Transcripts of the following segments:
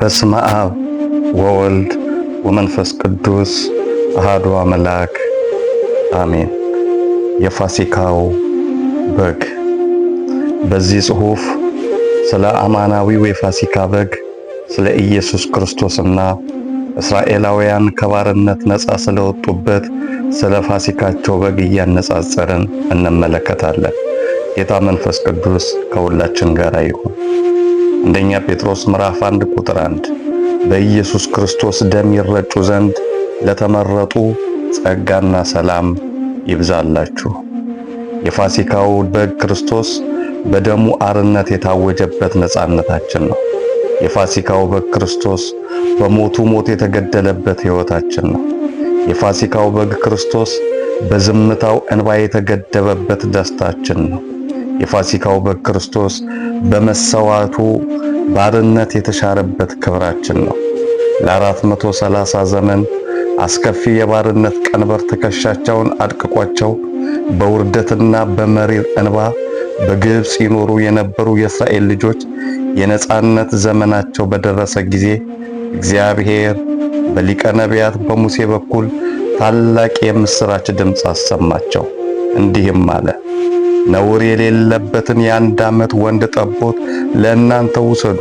በስመ አብ ወወልድ ወመንፈስ ቅዱስ አሐዱ አምላክ አሜን። የፋሲካው በግ። በዚህ ጽሑፍ ስለ አማናዊው የፋሲካ በግ ስለ ኢየሱስ ክርስቶስና እስራኤላውያን ከባርነት ነፃ ስለወጡበት ስለ ፋሲካቸው በግ እያነጻጸርን እንመለከታለን። ጌታ መንፈስ ቅዱስ ከሁላችን ጋር ይሁን። አንደኛ ጴጥሮስ ምዕራፍ 1 ቁጥር 1 በኢየሱስ ክርስቶስ ደም ይረጩ ዘንድ ለተመረጡ ጸጋና ሰላም ይብዛላችሁ። የፋሲካው በግ ክርስቶስ በደሙ አርነት የታወጀበት ነጻነታችን ነው። የፋሲካው በግ ክርስቶስ በሞቱ ሞት የተገደለበት ሕይወታችን ነው። የፋሲካው በግ ክርስቶስ በዝምታው እንባ የተገደበበት ደስታችን ነው። የፋሲካው በግ ክርስቶስ በመሰዋቱ ባርነት የተሻረበት ክብራችን ነው። ለአራት መቶ ሰላሳ ዘመን አስከፊ የባርነት ቀንበር ትከሻቸውን አድቅቋቸው በውርደትና በመሪር እንባ በግብፅ ይኖሩ የነበሩ የእስራኤል ልጆች የነጻነት ዘመናቸው በደረሰ ጊዜ እግዚአብሔር በሊቀ ነቢያት በሙሴ በኩል ታላቅ የምስራች ድምፅ አሰማቸው፣ እንዲህም አለ ነውር የሌለበትን የአንድ ዓመት ወንድ ጠቦት ለእናንተ ውሰዱ።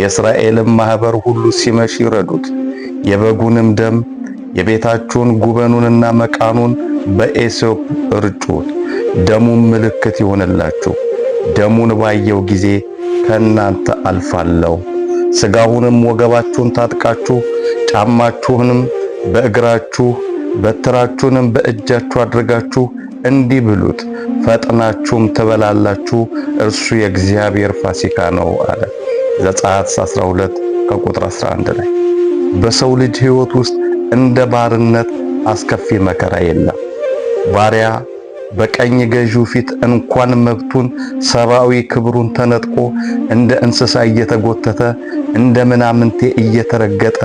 የእስራኤልም ማኅበር ሁሉ ሲመሽ ይረዱት። የበጉንም ደም የቤታችሁን ጉበኑንና መቃኑን በኤሶፕ እርጩት። ደሙም ምልክት ይሆንላችሁ። ደሙን ባየው ጊዜ ከእናንተ አልፋለሁ። ሥጋውንም ወገባችሁን ታጥቃችሁ ጫማችሁንም በእግራችሁ በትራችሁንም በእጃችሁ አድርጋችሁ እንዲህ ብሉት ፈጥናችሁም ትበላላችሁ፣ እርሱ የእግዚአብሔር ፋሲካ ነው አለ። ዘጸአት 12 ከቁጥር 11 ላይ በሰው ልጅ ሕይወት ውስጥ እንደ ባርነት አስከፊ መከራ የለም። ባሪያ በቀኝ ገዢው ፊት እንኳን መብቱን ሰብአዊ ክብሩን ተነጥቆ እንደ እንስሳ እየተጎተተ እንደ ምናምንቴ እየተረገጠ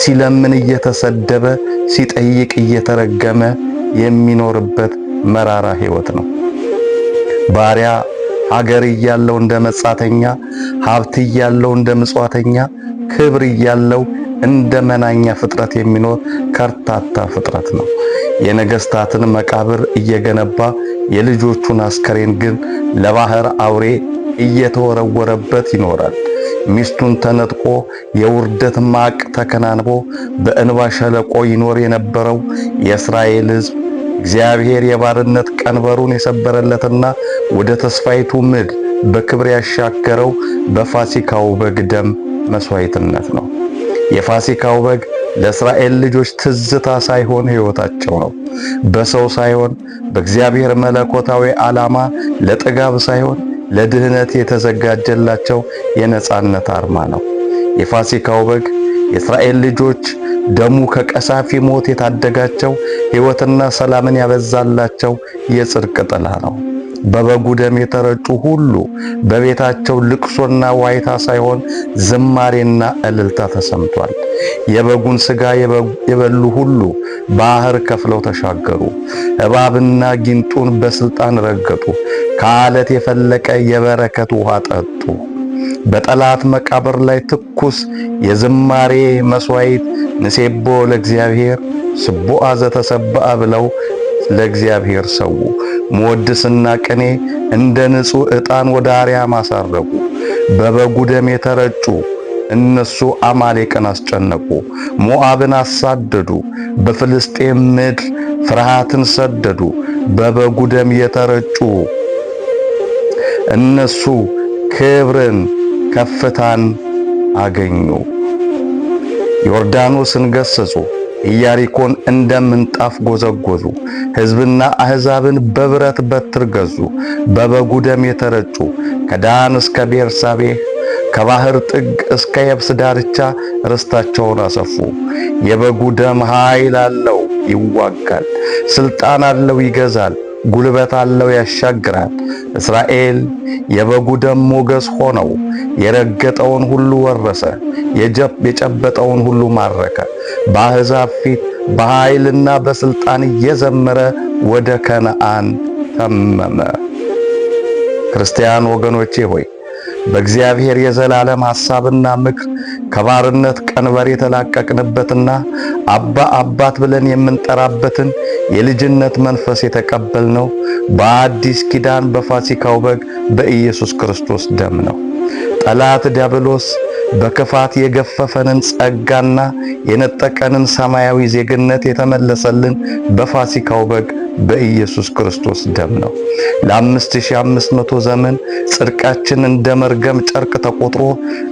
ሲለምን እየተሰደበ ሲጠይቅ እየተረገመ የሚኖርበት መራራ ህይወት ነው። ባሪያ አገር እያለው እንደ መጻተኛ፣ ሀብት እያለው እንደ ምጽዋተኛ፣ ክብር እያለው እንደ መናኛ ፍጥረት የሚኖር ከርታታ ፍጥረት ነው። የነገስታትን መቃብር እየገነባ የልጆቹን አስከሬን ግን ለባህር አውሬ እየተወረወረበት ይኖራል። ሚስቱን ተነጥቆ የውርደት ማቅ ተከናንቦ በእንባ ሸለቆ ይኖር የነበረው የእስራኤል ህዝብ እግዚአብሔር የባርነት ቀንበሩን የሰበረለትና ወደ ተስፋይቱ ምድር በክብር ያሻገረው በፋሲካው በግ ደም መስዋዕትነት ነው። የፋሲካው በግ ለእስራኤል ልጆች ትዝታ ሳይሆን ሕይወታቸው ነው። በሰው ሳይሆን በእግዚአብሔር መለኮታዊ ዓላማ ለጥጋብ ሳይሆን ለድህነት የተዘጋጀላቸው የነጻነት አርማ ነው። የፋሲካው በግ የእስራኤል ልጆች ደሙ ከቀሳፊ ሞት የታደጋቸው ሕይወትና ሰላምን ያበዛላቸው የጽድቅ ጥላ ነው። በበጉ ደም የተረጩ ሁሉ በቤታቸው ልቅሶና ዋይታ ሳይሆን ዝማሬና እልልታ ተሰምቷል። የበጉን ሥጋ የበሉ ሁሉ ባህር ከፍለው ተሻገሩ። እባብና ጊንጡን በስልጣን ረገጡ። ከአለት የፈለቀ የበረከት ውሃ ጠጡ። በጠላት መቃብር ላይ ትኩስ የዝማሬ መስዋዕት ንሴቦ ለእግዚአብሔር ስቡአ ዘተሰብአ ብለው ለእግዚአብሔር ሰው መወድስና ቅኔ እንደ ንጹህ ዕጣን ወደ አርያም አሳረጉ። በበጉ ደም የተረጩ እነሱ አማሌቅን አስጨነቁ፣ ሞአብን አሳደዱ፣ በፍልስጤም ምድር ፍርሃትን ሰደዱ። በበጉ ደም የተረጩ እነሱ ክብርን ከፍታን አገኙ። ዮርዳኖስን ገሰጹ፣ ኢያሪኮን እንደ ምንጣፍ ጎዘጎዙ። ሕዝብና አሕዛብን በብረት በትር ገዙ፣ በበጉ ደም የተረጩ። ከዳን እስከ ቤርሳቤ ከባህር ጥግ እስከ የብስ ዳርቻ ርስታቸውን አሰፉ። የበጉ ደም ኃይል አለው፣ ይዋጋል። ስልጣን አለው፣ ይገዛል። ጉልበት አለው ያሻግራል። እስራኤል የበጉ ደም ሞገስ ሆነው የረገጠውን ሁሉ ወረሰ፣ የጨበጠውን ሁሉ ማረከ። በአሕዛብ ፊት በኃይልና በስልጣን እየዘመረ ወደ ከነአን ተመመ። ክርስቲያን ወገኖቼ ሆይ በእግዚአብሔር የዘላለም ሐሳብና ምክር ከባርነት ቀንበር የተላቀቅንበትና አባ አባት ብለን የምንጠራበትን የልጅነት መንፈስ የተቀበልነው በአዲስ ኪዳን በፋሲካው በግ በኢየሱስ ክርስቶስ ደም ነው። ጠላት ዲያብሎስ በክፋት የገፈፈንን ጸጋና የነጠቀንን ሰማያዊ ዜግነት የተመለሰልን በፋሲካው በግ በኢየሱስ ክርስቶስ ደም ነው። ለ ለ5500 ዘመን ጽድቃችን እንደ መርገም ጨርቅ ተቆጥሮ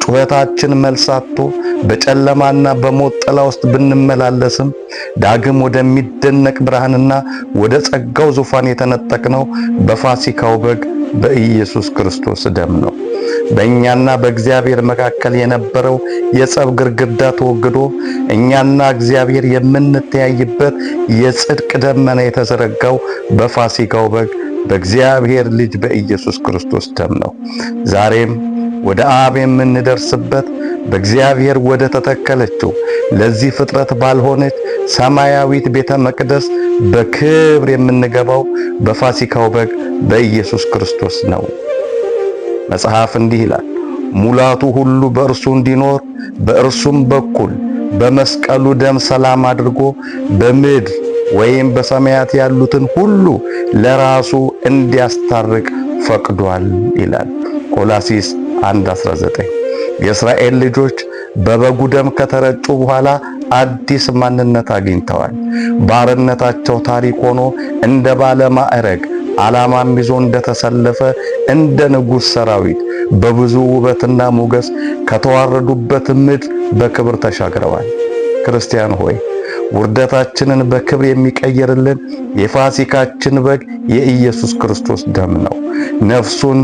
ጩኸታችን መልሳቶ በጨለማና በሞት ጥላ ውስጥ ብንመላለስም ዳግም ወደሚደነቅ ብርሃንና ወደ ጸጋው ዙፋን የተነጠቅነው በፋሲካው በግ በኢየሱስ ክርስቶስ ደም ነው። በእኛና በእግዚአብሔር መካከል የነበረው የጸብ ግርግዳ ተወግዶ እኛና እግዚአብሔር የምንተያይበት የጽድቅ ደመና የተዘረጋው በፋሲካው በግ በእግዚአብሔር ልጅ በኢየሱስ ክርስቶስ ደም ነው። ዛሬም ወደ አብ የምንደርስበት በእግዚአብሔር ወደ ተተከለችው ለዚህ ፍጥረት ባልሆነች ሰማያዊት ቤተ መቅደስ በክብር የምንገባው በፋሲካው በግ በኢየሱስ ክርስቶስ ነው። መጽሐፍ እንዲህ ይላል፣ ሙላቱ ሁሉ በእርሱ እንዲኖር በእርሱም በኩል በመስቀሉ ደም ሰላም አድርጎ በምድር ወይም በሰማያት ያሉትን ሁሉ ለራሱ እንዲያስታርቅ ፈቅዷል ይላል ቆላሲስ 1:19። የእስራኤል ልጆች በበጉ ደም ከተረጩ በኋላ አዲስ ማንነት አግኝተዋል። ባርነታቸው ታሪክ ሆኖ እንደ ባለ ማዕረግ ዓላማም ይዞ እንደተሰለፈ እንደ ንጉሥ ሰራዊት በብዙ ውበትና ሞገስ ከተዋረዱበት ምድር በክብር ተሻግረዋል። ክርስቲያን ሆይ ውርደታችንን በክብር የሚቀየርልን የፋሲካችን በግ የኢየሱስ ክርስቶስ ደም ነው። ነፍሱን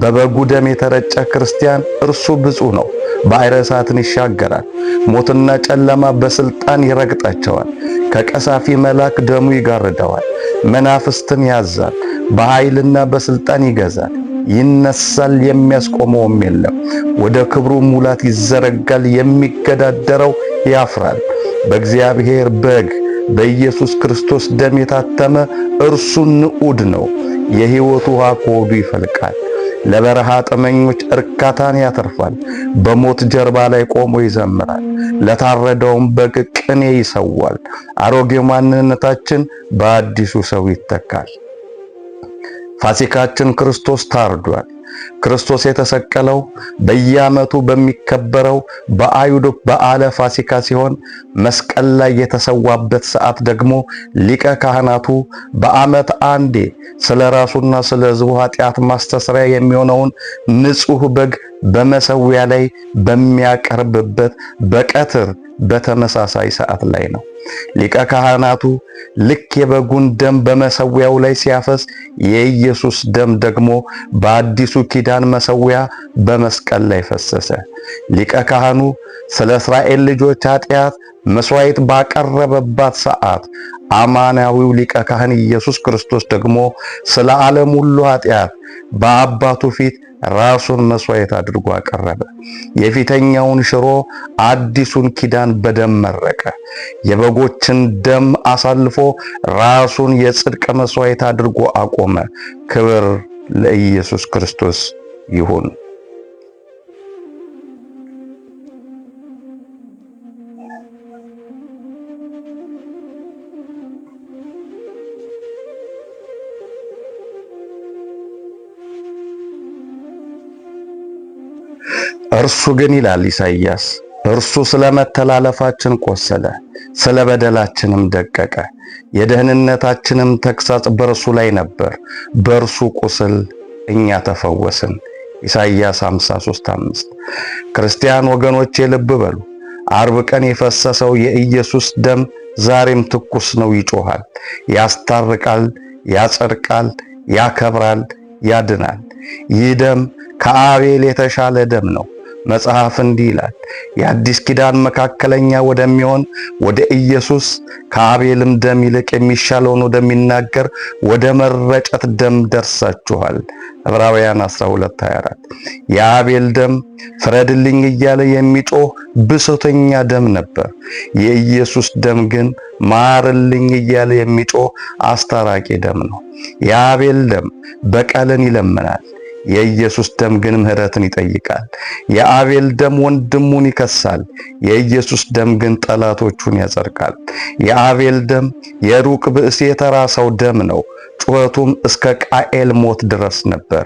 በበጉ ደም የተረጨ ክርስቲያን እርሱ ብፁዕ ነው። ባሕረ እሳትን ይሻገራል። ሞትና ጨለማ በስልጣን ይረግጣቸዋል። ከቀሳፊ መልአክ ደሙ ይጋርደዋል። መናፍስትን ያዛል። በኃይልና በስልጣን ይገዛል፣ ይነሳል፣ የሚያስቆመውም የለም። ወደ ክብሩ ሙላት ይዘረጋል፣ የሚገዳደረው ያፍራል። በእግዚአብሔር በግ በኢየሱስ ክርስቶስ ደም የታተመ እርሱ ንዑድ ነው። የሕይወት ውሃ ከሆዱ ይፈልቃል። ለበረሃ ጥመኞች እርካታን ያተርፋል። በሞት ጀርባ ላይ ቆሞ ይዘምራል። ለታረደውም በግ ቅኔ ይሰዋል። አሮጌ ማንነታችን በአዲሱ ሰው ይተካል። ፋሲካችን ክርስቶስ ታርዷል። ክርስቶስ የተሰቀለው በየዓመቱ በሚከበረው በአይሁድ በዓለ ፋሲካ ሲሆን መስቀል ላይ የተሰዋበት ሰዓት ደግሞ ሊቀ ካህናቱ በዓመት አንዴ ስለ ራሱና ስለ ሕዝቡ ኃጢአት ማስተስሪያ የሚሆነውን ንጹሕ በግ በመሠዊያ ላይ በሚያቀርብበት በቀትር በተመሳሳይ ሰዓት ላይ ነው። ሊቀ ካህናቱ ልክ የበጉን ደም በመሰዊያው ላይ ሲያፈስ የኢየሱስ ደም ደግሞ በአዲሱ ኪዳን መሰዊያ በመስቀል ላይ ፈሰሰ። ሊቀ ካህኑ ስለ እስራኤል ልጆች ኃጢአት መስዋዕት ባቀረበባት ሰዓት አማናዊው ሊቀ ካህን ኢየሱስ ክርስቶስ ደግሞ ስለ ዓለም ሁሉ ኃጢአት በአባቱ ፊት ራሱን መስዋዕት አድርጎ አቀረበ። የፊተኛውን ሽሮ አዲሱን ኪዳን በደም መረቀ። የበጎችን ደም አሳልፎ ራሱን የጽድቅ መስዋዕት አድርጎ አቆመ። ክብር ለኢየሱስ ክርስቶስ ይሁን። እርሱ ግን ይላል ኢሳይያስ እርሱ ስለ መተላለፋችን ቆሰለ፣ ስለ በደላችንም ደቀቀ። የደህንነታችንም ተግሣጽ በእርሱ ላይ ነበር፣ በእርሱ ቁስል እኛ ተፈወስን። ኢሳይያስ 53:5 ክርስቲያን ወገኖች የልብ በሉ። አርብ ቀን የፈሰሰው የኢየሱስ ደም ዛሬም ትኩስ ነው፣ ይጮሃል፣ ያስታርቃል፣ ያጸድቃል፣ ያከብራል፣ ያድናል። ይህ ደም ከአቤል የተሻለ ደም ነው። መጽሐፍ እንዲህ ይላል፣ የአዲስ ኪዳን መካከለኛ ወደሚሆን ወደ ኢየሱስ ከአቤልም ደም ይልቅ የሚሻለውን ወደሚናገር ወደ መረጨት ደም ደርሳችኋል። ዕብራውያን 12:24 የአቤል ደም ፍረድልኝ እያለ የሚጮህ ብሶተኛ ደም ነበር። የኢየሱስ ደም ግን ማርልኝ እያለ የሚጮህ አስታራቂ ደም ነው። የአቤል ደም በቀልን ይለምናል። የኢየሱስ ደም ግን ምሕረትን ይጠይቃል። የአቤል ደም ወንድሙን ይከሳል፣ የኢየሱስ ደም ግን ጠላቶቹን ያጸድቃል። የአቤል ደም የሩቅ ብእስ የተራሰው ደም ነው፣ ጩኸቱም እስከ ቃኤል ሞት ድረስ ነበር።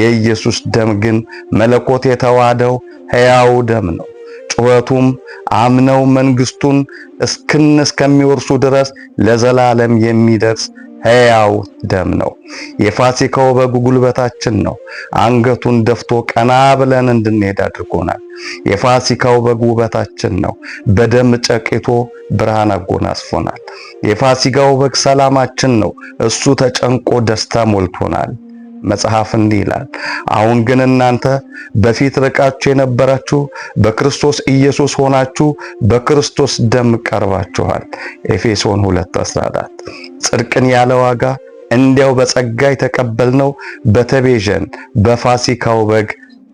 የኢየሱስ ደም ግን መለኮት የተዋደው ሕያው ደም ነው፣ ጩኸቱም አምነው መንግሥቱን እስክን እስከሚወርሱ ድረስ ለዘላለም የሚደርስ ሕያው ደም ነው። የፋሲካው በጉ ጉልበታችን ነው። አንገቱን ደፍቶ ቀና ብለን እንድንሄድ አድርጎናል። የፋሲካው በግ ውበታችን ነው። በደም ጨቂቶ ብርሃን አጎናጽፎናል። የፋሲካው በግ ሰላማችን ነው። እሱ ተጨንቆ ደስታ ሞልቶናል። መጽሐፍ እንዲህ ይላል፣ አሁን ግን እናንተ በፊት ርቃችሁ የነበራችሁ በክርስቶስ ኢየሱስ ሆናችሁ በክርስቶስ ደም ቀርባችኋል። ኤፌሶን 2:14 ጽድቅን ያለ ዋጋ እንዲያው በጸጋ የተቀበልነው በተቤዠን በፋሲካው በግ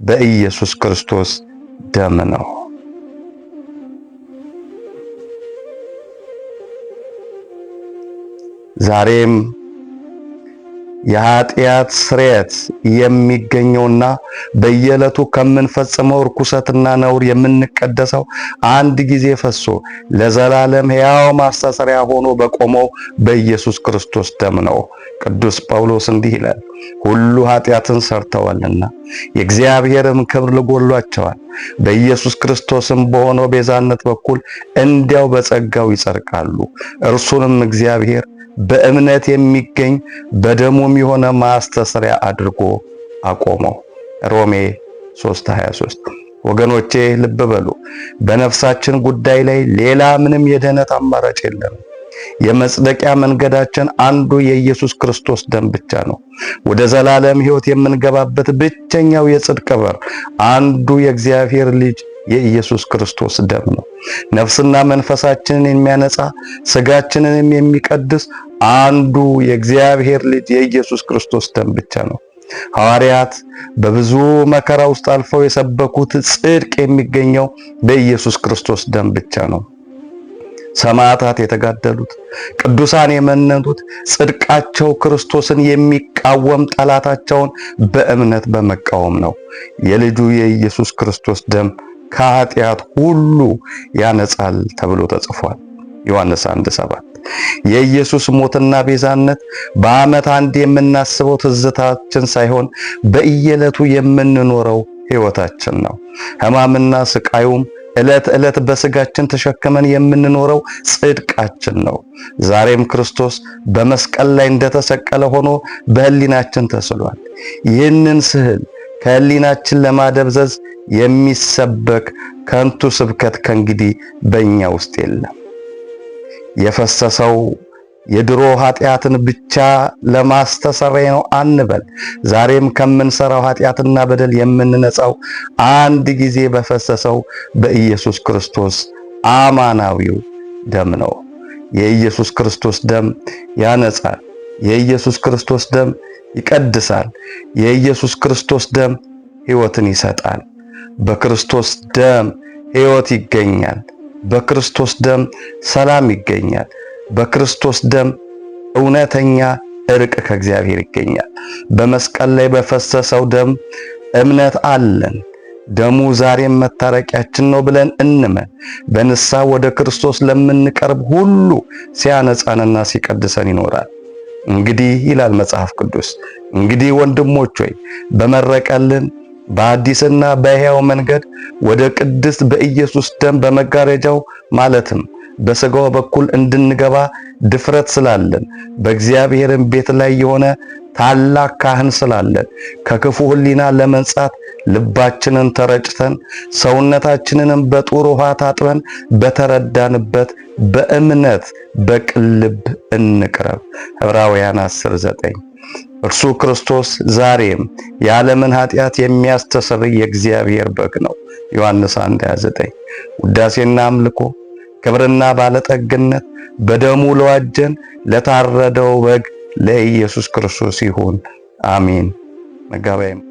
በኢየሱስ ክርስቶስ ደም ነው። ዛሬም የኃጢአት ስርየት የሚገኘውና በየዕለቱ ከምንፈጽመው ርኩሰትና ነውር የምንቀደሰው አንድ ጊዜ ፈሶ ለዘላለም ሕያው ማስተሰሪያ ሆኖ በቆመው በኢየሱስ ክርስቶስ ደም ነው። ቅዱስ ጳውሎስ እንዲህ ይላል፣ ሁሉ ኃጢአትን ሰርተዋልና የእግዚአብሔርም ክብር ልጎሏቸዋል፣ በኢየሱስ ክርስቶስም በሆነው ቤዛነት በኩል እንዲያው በጸጋው ይጸርቃሉ። እርሱንም እግዚአብሔር በእምነት የሚገኝ በደሙም የሆነ ማስተሰሪያ አድርጎ አቆመው። ሮሜ 3:23 ወገኖቼ ልብ በሉ። በነፍሳችን ጉዳይ ላይ ሌላ ምንም የድኅነት አማራጭ የለም። የመጽደቂያ መንገዳችን አንዱ የኢየሱስ ክርስቶስ ደም ብቻ ነው። ወደ ዘላለም ሕይወት የምንገባበት ብቸኛው የጽድቅ በር አንዱ የእግዚአብሔር ልጅ የኢየሱስ ክርስቶስ ደም ነው። ነፍስና መንፈሳችንን የሚያነጻ ስጋችንንም የሚቀድስ አንዱ የእግዚአብሔር ልጅ የኢየሱስ ክርስቶስ ደም ብቻ ነው። ሐዋርያት በብዙ መከራ ውስጥ አልፈው የሰበኩት ጽድቅ የሚገኘው በኢየሱስ ክርስቶስ ደም ብቻ ነው። ሰማዕታት የተጋደሉት፣ ቅዱሳን የመነኑት ጽድቃቸው ክርስቶስን የሚቃወም ጠላታቸውን በእምነት በመቃወም ነው። የልጁ የኢየሱስ ክርስቶስ ደም ከኃጢአት ሁሉ ያነጻል ተብሎ ተጽፏል። ዮሐንስ 1:7 የኢየሱስ ሞትና ቤዛነት በዓመት አንድ የምናስበው ትዝታችን ሳይሆን በእየለቱ የምንኖረው ሕይወታችን ነው። ሕማምና ስቃዩም ዕለት ዕለት በስጋችን ተሸክመን የምንኖረው ጽድቃችን ነው። ዛሬም ክርስቶስ በመስቀል ላይ እንደተሰቀለ ሆኖ በህሊናችን ተስሏል። ይህንን ስዕል ከህሊናችን ለማደብዘዝ የሚሰበክ ከንቱ ስብከት ከእንግዲህ በእኛ ውስጥ የለም። የፈሰሰው የድሮ ኃጢአትን ብቻ ለማስተሰረይ ነው አንበል። ዛሬም ከምንሰራው ኃጢአትና በደል የምንነጻው አንድ ጊዜ በፈሰሰው በኢየሱስ ክርስቶስ አማናዊው ደም ነው። የኢየሱስ ክርስቶስ ደም ያነጻል። የኢየሱስ ክርስቶስ ደም ይቀድሳል። የኢየሱስ ክርስቶስ ደም ሕይወትን ይሰጣል። በክርስቶስ ደም ሕይወት ይገኛል። በክርስቶስ ደም ሰላም ይገኛል። በክርስቶስ ደም እውነተኛ እርቅ ከእግዚአብሔር ይገኛል። በመስቀል ላይ በፈሰሰው ደም እምነት አለን። ደሙ ዛሬም መታረቂያችን ነው ብለን እንመን። በንስሐ ወደ ክርስቶስ ለምንቀርብ ሁሉ ሲያነጻንና ሲቀድሰን ይኖራል። እንግዲህ ይላል መጽሐፍ ቅዱስ፣ እንግዲህ ወንድሞች ሆይ በመረቀልን በአዲስና በሕያው መንገድ ወደ ቅድስት በኢየሱስ ደም በመጋረጃው ማለትም በሥጋው በኩል እንድንገባ ድፍረት ስላለን በእግዚአብሔርን ቤት ላይ የሆነ ታላቅ ካህን ስላለን ከክፉ ሕሊና ለመንጻት ልባችንን ተረጭተን ሰውነታችንንም በጡር ውሃ ታጥበን በተረዳንበት በእምነት በቅልብ እንቅረብ። ዕብራውያን 10:9 እርሱ ክርስቶስ ዛሬም የዓለምን ኃጢአት የሚያስተሰርይ የእግዚአብሔር በግ ነው። ዮሐንስ 19 ውዳሴና አምልኮ ክብርና ባለጠግነት በደሙ ለዋጀን ለታረደው በግ ለኢየሱስ ክርስቶስ ይሁን። አሜን። መጋቢያ